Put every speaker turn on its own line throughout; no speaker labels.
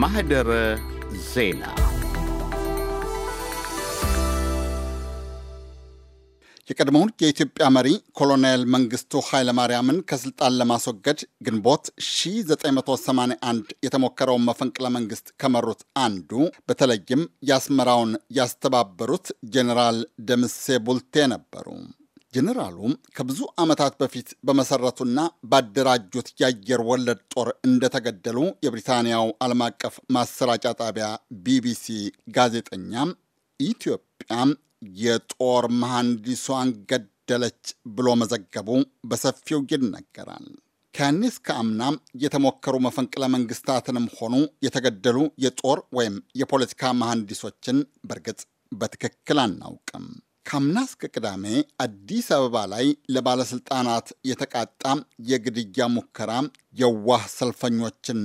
ማህደረ ዜና የቀድሞውን የኢትዮጵያ መሪ ኮሎኔል መንግስቱ ኃይለማርያምን ከስልጣን ለማስወገድ ግንቦት 1981 የተሞከረውን መፈንቅለ መንግስት ከመሩት አንዱ በተለይም የአስመራውን ያስተባበሩት ጄኔራል ደምሴ ቡልቴ ነበሩ። ጀኔራሉ ከብዙ ዓመታት በፊት በመሰረቱና ባደራጁት የአየር ወለድ ጦር እንደተገደሉ የብሪታንያው ዓለም አቀፍ ማሰራጫ ጣቢያ ቢቢሲ ጋዜጠኛም ኢትዮጵያ የጦር መሐንዲሷን ገደለች ብሎ መዘገቡ በሰፊው ይነገራል። ከያኔ እስከ አምና የተሞከሩ መፈንቅለ መንግስታትንም ሆኑ የተገደሉ የጦር ወይም የፖለቲካ መሐንዲሶችን በእርግጥ በትክክል አናውቅም። ከምናስ ቅዳሜ አዲስ አበባ ላይ ለባለስልጣናት የተቃጣ የግድያ ሙከራ የዋህ ሰልፈኞችን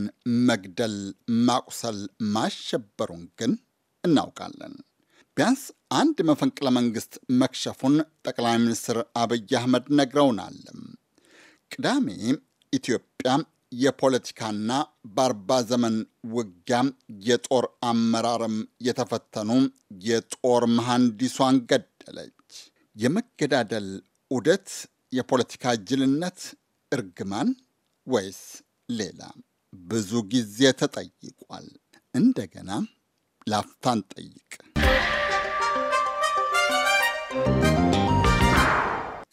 መግደል፣ ማቁሰል ማሸበሩን ግን እናውቃለን። ቢያንስ አንድ መፈንቅለ መንግስት መክሸፉን ጠቅላይ ሚኒስትር አብይ አህመድ ነግረውናል። ቅዳሜ ኢትዮጵያ የፖለቲካና በአርባ ዘመን ውጊያ የጦር አመራርም የተፈተኑ የጦር መሐንዲሷን ገደሉ። ተቃጠለች። የመገዳደል ዑደት የፖለቲካ ጅልነት እርግማን ወይስ ሌላ? ብዙ ጊዜ ተጠይቋል። እንደገና ላፍታን ጠይቅ።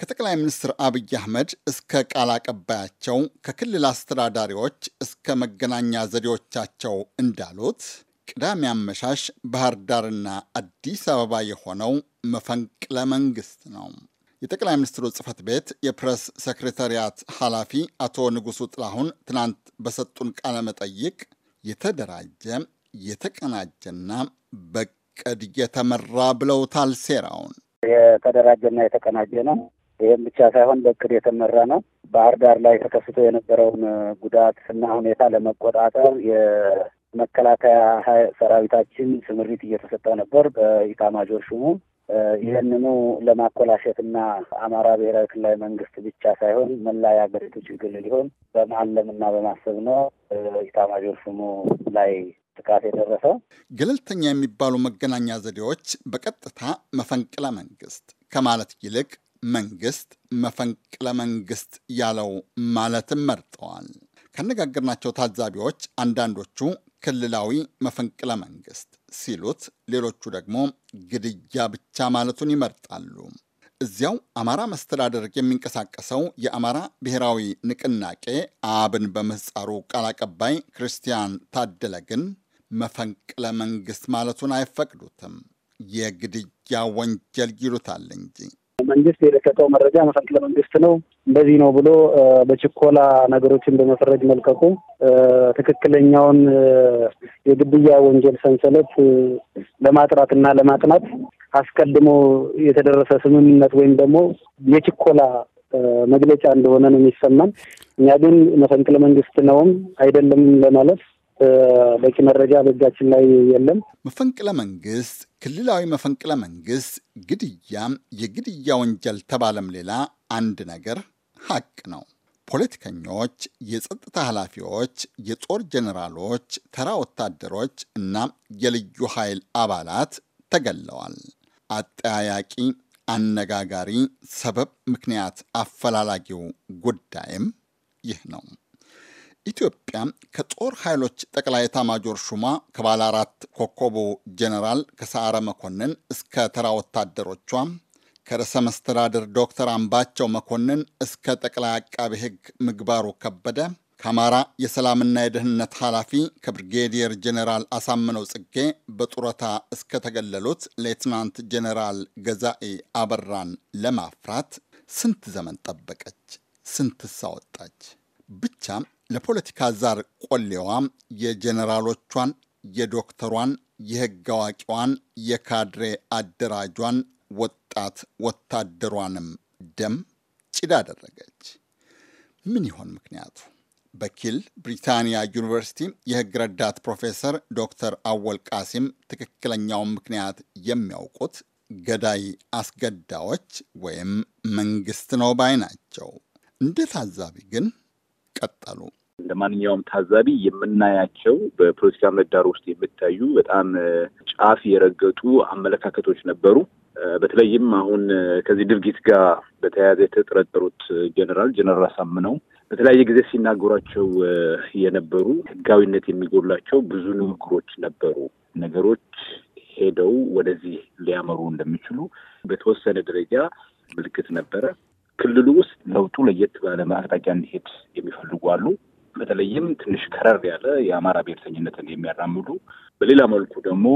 ከጠቅላይ ሚኒስትር አብይ አህመድ እስከ ቃል አቀባያቸው ከክልል አስተዳዳሪዎች እስከ መገናኛ ዘዴዎቻቸው እንዳሉት ቅዳሜ አመሻሽ ባህር ዳርና አዲስ አበባ የሆነው መፈንቅለ መንግስት ነው። የጠቅላይ ሚኒስትሩ ጽህፈት ቤት የፕሬስ ሰክሬታሪያት ኃላፊ አቶ ንጉሱ ጥላሁን ትናንት በሰጡን ቃለ መጠይቅ የተደራጀ የተቀናጀና በቅድ የተመራ ብለውታል። ሴራውን
የተደራጀና የተቀናጀ ነው። ይህም ብቻ ሳይሆን በቅድ የተመራ ነው። ባህር ዳር ላይ ተከስቶ የነበረውን ጉዳት እና ሁኔታ ለመቆጣጠር መከላከያ ሰራዊታችን ስምሪት እየተሰጠ ነበር በኢታማጆር ሹሙ። ይህንኑ ለማኮላሸትና አማራ ብሔራዊ ክልላዊ መንግስት ብቻ ሳይሆን መላ የሀገሪቱ ችግር ሊሆን በማለምና በማሰብ ነው ኢታማጆር ሹሙ ላይ ጥቃት የደረሰው።
ገለልተኛ የሚባሉ መገናኛ ዘዴዎች በቀጥታ መፈንቅለ መንግስት ከማለት ይልቅ መንግስት መፈንቅለ መንግስት ያለው ማለትም መርጠዋል። ካነጋገርናቸው ታዛቢዎች አንዳንዶቹ ክልላዊ መፈንቅለ መንግስት ሲሉት፣ ሌሎቹ ደግሞ ግድያ ብቻ ማለቱን ይመርጣሉ። እዚያው አማራ መስተዳደር የሚንቀሳቀሰው የአማራ ብሔራዊ ንቅናቄ አብን በምህፃሩ ቃል አቀባይ ክርስቲያን ታደለ ግን መፈንቅለ መንግስት ማለቱን አይፈቅዱትም። የግድያ ወንጀል ይሉታል እንጂ
መንግስት የለቀቀው መረጃ መፈንቅለ መንግስት ነው፣ እንደዚህ ነው ብሎ በችኮላ ነገሮችን በመፈረጅ መልቀቁ ትክክለኛውን የግድያ ወንጀል ሰንሰለት ለማጥራት እና ለማጥናት አስቀድሞ የተደረሰ ስምምነት ወይም ደግሞ የችኮላ መግለጫ እንደሆነ ነው የሚሰማን። እኛ ግን መፈንቅለ መንግስት ነውም አይደለም ለማለት በቂ መረጃ በእጃችን ላይ የለም።
መፈንቅለ መንግስት፣ ክልላዊ መፈንቅለ መንግስት፣ ግድያ፣ የግድያ ወንጀል ተባለም ሌላ አንድ ነገር ሀቅ ነው። ፖለቲከኞች፣ የጸጥታ ኃላፊዎች፣ የጦር ጀኔራሎች፣ ተራ ወታደሮች እና የልዩ ኃይል አባላት ተገለዋል። አጠያያቂ፣ አነጋጋሪ፣ ሰበብ ምክንያት አፈላላጊው ጉዳይም ይህ ነው። ኢትዮጵያ ከጦር ኃይሎች ጠቅላይ ኤታማዦር ሹማ ከባለ አራት ኮከቡ ጄኔራል ከሰዓረ መኮንን እስከ ተራ ወታደሮቿ ከርዕሰ መስተዳድር ዶክተር አምባቸው መኮንን እስከ ጠቅላይ አቃቤ ሕግ ምግባሩ ከበደ ከአማራ የሰላምና የደህንነት ኃላፊ ከብርጌዲየር ጄኔራል አሳምነው ጽጌ በጡረታ እስከተገለሉት ሌትናንት ጄኔራል ገዛኢ አበራን ለማፍራት ስንት ዘመን ጠበቀች? ስንት ሳወጣች? ብቻ ለፖለቲካ ዛር ቆሌዋ የጀኔራሎቿን፣ የዶክተሯን፣ የህግ አዋቂዋን፣ የካድሬ አደራጇን፣ ወጣት ወታደሯንም ደም ጭድ አደረገች። ምን ይሆን ምክንያቱ? በኪል ብሪታንያ ዩኒቨርሲቲ የህግ ረዳት ፕሮፌሰር ዶክተር አወል ቃሲም ትክክለኛውን ምክንያት የሚያውቁት ገዳይ አስገዳዎች ወይም መንግስት ነው ባይ ናቸው። እንደ ታዛቢ ግን ቀጠሉ። እንደ ማንኛውም ታዛቢ የምናያቸው በፖለቲካ ምህዳር ውስጥ የሚታዩ በጣም
ጫፍ የረገጡ አመለካከቶች ነበሩ። በተለይም አሁን ከዚህ ድርጊት ጋር በተያያዘ የተጠረጠሩት ጀነራል ጀነራል አሳምነው በተለያየ ጊዜ ሲናገሯቸው የነበሩ ህጋዊነት የሚጎላቸው ብዙ ንግግሮች ነበሩ። ነገሮች ሄደው ወደዚህ ሊያመሩ እንደሚችሉ በተወሰነ ደረጃ ምልክት ነበረ። ክልሉ ውስጥ ለውጡ ለየት ባለ አቅጣጫ እንዲሄድ የሚፈልጉ አሉ። በተለይም ትንሽ ከረር ያለ የአማራ ብሔርተኝነትን የሚያራምዱ በሌላ መልኩ ደግሞ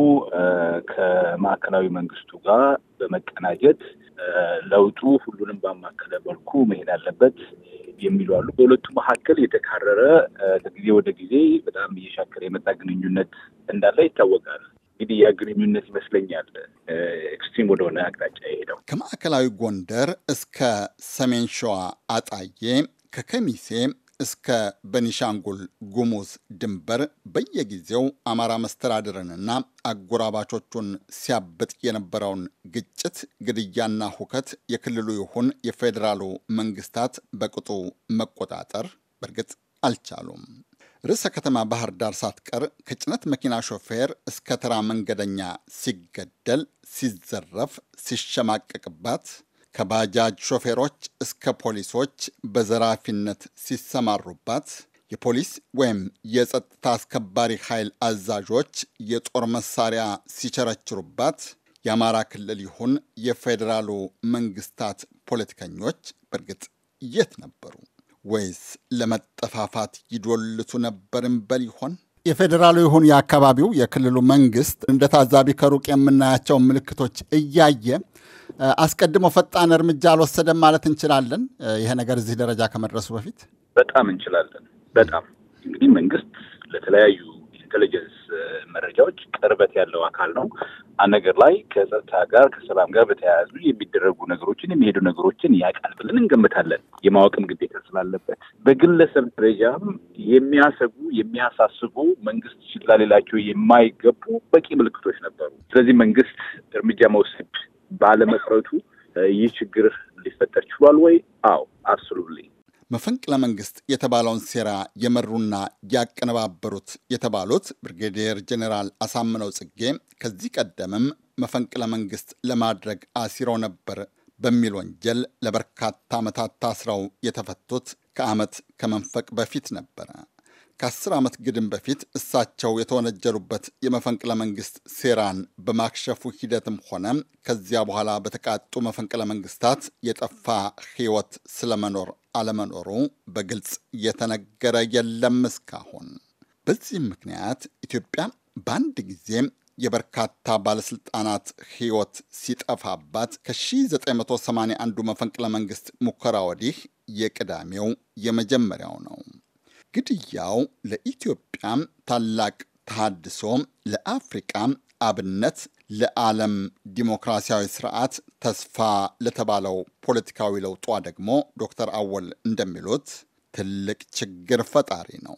ከማዕከላዊ መንግስቱ ጋር በመቀናጀት ለውጡ ሁሉንም ባማከለ መልኩ መሄድ አለበት የሚሉ አሉ። በሁለቱ መካከል የተካረረ ከጊዜ ወደ ጊዜ በጣም እየሻከረ የመጣ ግንኙነት እንዳለ ይታወቃል። እንግዲህ ያ ግንኙነት ይመስለኛል ኤክስትሪም ወደሆነ አቅጣጫ የሄደው
ከማዕከላዊ ጎንደር እስከ ሰሜን ሸዋ አጣዬ ከከሚሴ እስከ በኒሻንጉል ጉሙዝ ድንበር በየጊዜው አማራ መስተዳድርንና አጎራባቾቹን ሲያብጥ የነበረውን ግጭት፣ ግድያና ሁከት የክልሉ ይሁን የፌዴራሉ መንግስታት በቅጡ መቆጣጠር በእርግጥ አልቻሉም። ርዕሰ ከተማ ባህር ዳር ሳትቀር ከጭነት መኪና ሾፌር እስከ ተራ መንገደኛ ሲገደል፣ ሲዘረፍ፣ ሲሸማቀቅባት ከባጃጅ ሾፌሮች እስከ ፖሊሶች በዘራፊነት ሲሰማሩባት የፖሊስ ወይም የጸጥታ አስከባሪ ኃይል አዛዦች የጦር መሳሪያ ሲቸረችሩባት የአማራ ክልል ይሁን የፌዴራሉ መንግስታት ፖለቲከኞች በእርግጥ የት ነበሩ? ወይስ ለመጠፋፋት ይዶልቱ ነበርም እንበል ይሆን? የፌዴራሉ ይሁን የአካባቢው የክልሉ መንግስት እንደ ታዛቢ ከሩቅ የምናያቸው ምልክቶች እያየ አስቀድሞ ፈጣን እርምጃ አልወሰደም ማለት እንችላለን። ይሄ ነገር እዚህ ደረጃ ከመድረሱ በፊት
በጣም እንችላለን። በጣም እንግዲህ መንግስት ለተለያዩ ኢንቴሊጀንስ መረጃዎች ቅርበት ያለው አካል ነው። አንድ ነገር ላይ ከጸጥታ ጋር ከሰላም ጋር በተያያዙ የሚደረጉ ነገሮችን የሚሄዱ ነገሮችን ያውቃል ብለን እንገምታለን። የማወቅም ግዴታ ስላለበት በግለሰብ ደረጃም የሚያሰጉ የሚያሳስቡ መንግስት ችላ ሌላቸው የማይገቡ በቂ ምልክቶች ነበሩ። ስለዚህ መንግስት እርምጃ መውሰድ ባለመቅረቱ ይህ ችግር ሊፈጠር ችሏል ወይ? አዎ አብሶሉትሊ።
መፈንቅለ መንግስት የተባለውን ሴራ የመሩና ያቀነባበሩት የተባሉት ብርጌዲየር ጀኔራል አሳምነው ጽጌ ከዚህ ቀደምም መፈንቅለ መንግስት ለማድረግ አሲረው ነበር በሚል ወንጀል ለበርካታ ዓመታት ታስረው የተፈቱት ከዓመት ከመንፈቅ በፊት ነበረ። ከአስር ዓመት ግድም በፊት እሳቸው የተወነጀሉበት የመፈንቅለ መንግስት ሴራን በማክሸፉ ሂደትም ሆነ ከዚያ በኋላ በተቃጡ መፈንቅለ መንግስታት የጠፋ ሕይወት ስለመኖር አለመኖሩ በግልጽ የተነገረ የለም እስካሁን። በዚህም ምክንያት ኢትዮጵያ በአንድ ጊዜ የበርካታ ባለስልጣናት ሕይወት ሲጠፋባት ከ1981 መፈንቅለ መንግስት ሙከራ ወዲህ የቅዳሜው የመጀመሪያው ነው። ግድያው ለኢትዮጵያም ታላቅ ተሃድሶ፣ ለአፍሪቃ አብነት፣ ለዓለም ዲሞክራሲያዊ ስርዓት ተስፋ ለተባለው ፖለቲካዊ ለውጧ ደግሞ ዶክተር አወል እንደሚሉት ትልቅ ችግር ፈጣሪ ነው።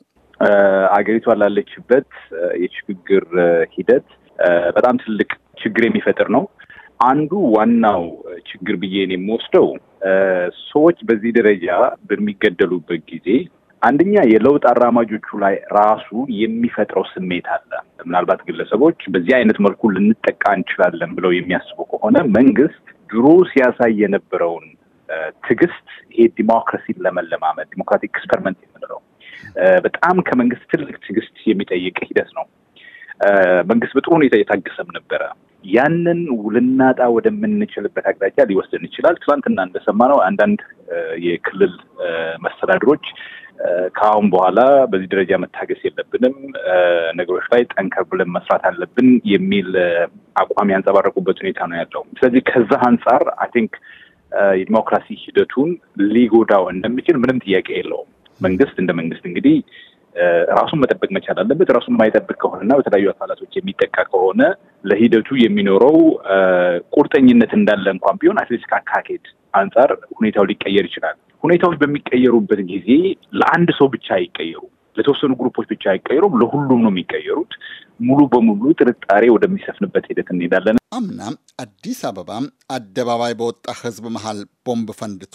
አገሪቷ ላለችበት የሽግግር ሂደት በጣም ትልቅ ችግር የሚፈጥር ነው። አንዱ ዋናው ችግር ብዬን የምወስደው ሰዎች በዚህ ደረጃ በሚገደሉበት ጊዜ አንደኛ የለውጥ አራማጆቹ ላይ ራሱ የሚፈጥረው ስሜት አለ። ምናልባት ግለሰቦች በዚህ አይነት መልኩ ልንጠቃ እንችላለን ብለው የሚያስቡ ከሆነ መንግስት ድሮ ሲያሳይ የነበረውን ትዕግስት፣ ይሄ ዲሞክራሲን ለመለማመድ ዲሞክራቲክ ኤክስፐሪመንት የምንለው በጣም ከመንግስት ትልቅ ትዕግስት የሚጠይቅ ሂደት ነው። መንግስት በጥሩ ሁኔታ እየታገሰም ነበረ። ያንን ልናጣ ወደምንችልበት አቅጣጫ ሊወስድን ይችላል። ትናንትና እንደሰማነው አንዳንድ የክልል መስተዳድሮች ከአሁን በኋላ በዚህ ደረጃ መታገስ የለብንም፣ ነገሮች ላይ ጠንከር ብለን መስራት አለብን የሚል አቋም ያንጸባረቁበት ሁኔታ ነው ያለው። ስለዚህ ከዛ አንጻር አይ ቲንክ የዲሞክራሲ ሂደቱን ሊጎዳው እንደሚችል ምንም ጥያቄ የለውም። መንግስት እንደ መንግስት እንግዲህ ራሱን መጠበቅ መቻል አለበት። ራሱን የማይጠብቅ ከሆነና በተለያዩ አካላቶች የሚጠቃ ከሆነ ለሂደቱ የሚኖረው ቁርጠኝነት እንዳለ እንኳን ቢሆን አትሊስ ከአካሄድ አንጻር ሁኔታው ሊቀየር ይችላል። ሁኔታዎች በሚቀየሩበት ጊዜ ለአንድ ሰው ብቻ አይቀየሩም፣
ለተወሰኑ ግሩፖች ብቻ አይቀየሩም፣ ለሁሉም ነው የሚቀየሩት። ሙሉ በሙሉ ጥርጣሬ ወደሚሰፍንበት ሂደት እንሄዳለን። አምና አዲስ አበባ አደባባይ በወጣ ህዝብ መሀል ቦምብ ፈንድቶ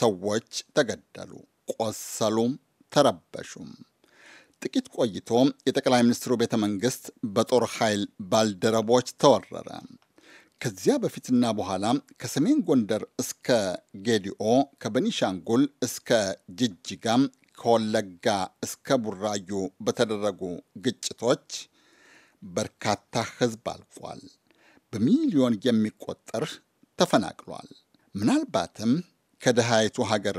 ሰዎች ተገደሉ፣ ቆሰሉም፣ ተረበሹም። ጥቂት ቆይቶ የጠቅላይ ሚኒስትሩ ቤተ መንግስት በጦር ኃይል ባልደረቦች ተወረረ። ከዚያ በፊትና በኋላ ከሰሜን ጎንደር እስከ ጌዲኦ፣ ከበኒሻንጉል እስከ ጅጅጋም፣ ከወለጋ እስከ ቡራዩ በተደረጉ ግጭቶች በርካታ ህዝብ አልፏል። በሚሊዮን የሚቆጠር ተፈናቅሏል። ምናልባትም ከደሃይቱ ሀገር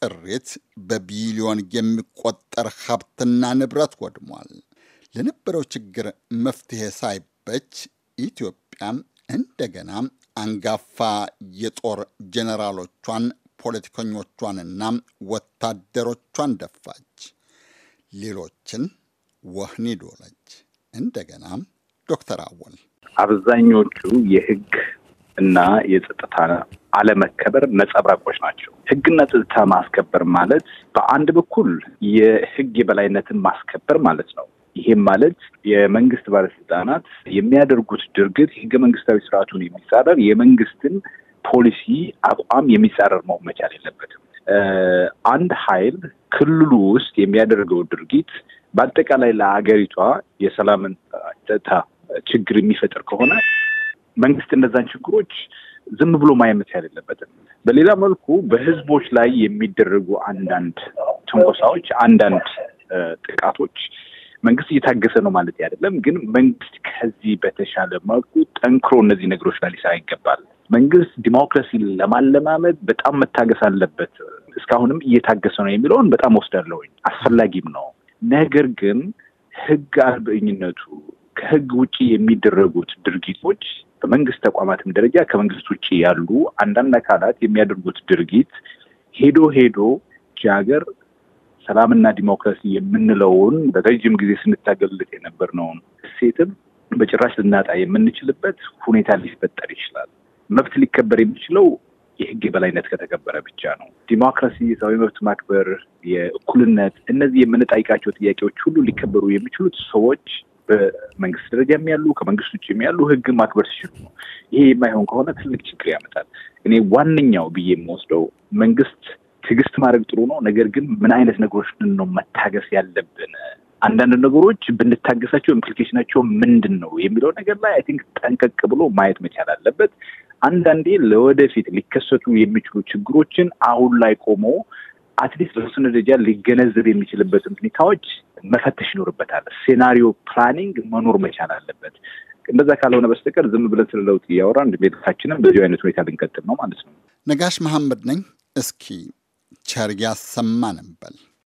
ጥሪት በቢሊዮን የሚቆጠር ሀብትና ንብረት ወድሟል። ለነበረው ችግር መፍትሄ ሳይበች ኢትዮጵያ እንደገና አንጋፋ የጦር ጄኔራሎቿን ፖለቲከኞቿንና ወታደሮቿን ደፋች። ሌሎችን ወህኒ ዶለች። እንደገና ዶክተር አወል
አብዛኞቹ የህግ እና የጸጥታ አለመከበር ነጸብራቆች ናቸው። ህግና ጸጥታ ማስከበር ማለት በአንድ በኩል የህግ የበላይነትን ማስከበር ማለት ነው። ይሄም ማለት የመንግስት ባለስልጣናት የሚያደርጉት ድርጊት ህገ መንግስታዊ ስርዓቱን የሚጻረር የመንግስትን ፖሊሲ አቋም የሚጻረር መሆን መቻል የለበትም። አንድ ኃይል ክልሉ ውስጥ የሚያደርገው ድርጊት በአጠቃላይ ለሀገሪቷ የሰላምን ጸጥታ ችግር የሚፈጥር ከሆነ መንግስት እነዛን ችግሮች ዝም ብሎ ማየመት ያደለበትም። በሌላ መልኩ በህዝቦች ላይ የሚደረጉ አንዳንድ ትንኮሳዎች፣ አንዳንድ ጥቃቶች መንግስት እየታገሰ ነው ማለት አይደለም። ግን መንግስት ከዚህ በተሻለ መልኩ ጠንክሮ እነዚህ ነገሮች ላይ ሊሰራ ይገባል። መንግስት ዲሞክራሲ ለማለማመድ በጣም መታገስ አለበት። እስካሁንም እየታገሰ ነው የሚለውን በጣም ወስዳለሁኝ፣ አስፈላጊም ነው። ነገር ግን ህግ አልበኝነቱ ከህግ ውጭ የሚደረጉት ድርጊቶች በመንግስት ተቋማትም ደረጃ ከመንግስት ውጭ ያሉ አንዳንድ አካላት የሚያደርጉት ድርጊት ሄዶ ሄዶ ጃገር ሰላምና ዲሞክራሲ የምንለውን በረጅም ጊዜ ስንታገልለት የነበርነውን እሴትም በጭራሽ ልናጣ የምንችልበት ሁኔታ ሊፈጠር ይችላል። መብት ሊከበር የሚችለው የህግ የበላይነት ከተከበረ ብቻ ነው። ዲሞክራሲ፣ ሰብአዊ መብት ማክበር፣ የእኩልነት እነዚህ የምንጠይቃቸው ጥያቄዎች ሁሉ ሊከበሩ የሚችሉት ሰዎች በመንግስት ደረጃም ያሉ ከመንግስት ውጭም ያሉ ህግ ማክበር ሲችሉ ነው። ይሄ የማይሆን ከሆነ ትልቅ ችግር ያመጣል። እኔ ዋነኛው ብዬ የምወስደው መንግስት ትዕግስት ማድረግ ጥሩ ነው። ነገር ግን ምን አይነት ነገሮች ነው መታገስ ያለብን? አንዳንድ ነገሮች ብንታገሳቸው ኢምፕሊኬሽናቸው ምንድን ነው የሚለው ነገር ላይ አይ ቲንክ ጠንቀቅ ብሎ ማየት መቻል አለበት። አንዳንዴ ለወደፊት ሊከሰቱ የሚችሉ ችግሮችን አሁን ላይ ቆመው አትሊስት በተወሰነ ደረጃ ሊገነዘብ የሚችልበትን ሁኔታዎች መፈተሽ ይኖርበታል። ሴናሪዮ ፕላኒንግ መኖር መቻል አለበት። እንደዛ
ካልሆነ በስተቀር ዝም ብለን ስለ ለውጥ እያወራን ቤታችንም በዚሁ አይነት ሁኔታ ልንቀጥል ነው ማለት ነው። ነጋሽ መሐመድ ነኝ። እስኪ ቸር ያሰማን እንበል።